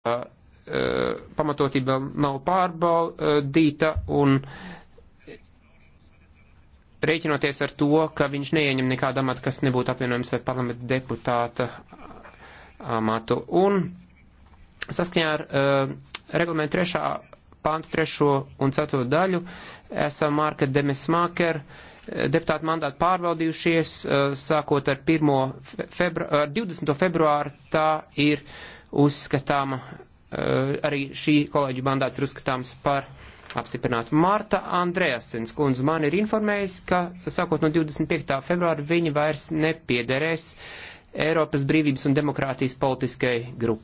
E, pamatotība nav pārbaudīta un rēķinoties ar to, ka viņš neieņem nekādu amatu, kas nebūtu apvienojams ar parlamenta deputāta amatu. Un saskaņā ar uh, reglamentu trešā pānta trešo un ceturto daļu esam Marka Demesmaker uh, deputātu mandātu pārbaudījušies, eh, sākot ar, februāru, ar 20. februāru, tā ir uzskatāma, eh, arī šī kolēģu mandāts ir uzskatāms par apstiprinātu. Marta Andreasens kundze man ir informējis, ka sākot no 25. februāra viņa vairs nepiederēs Eiropas brīvības un demokrātijas politiskai grupai.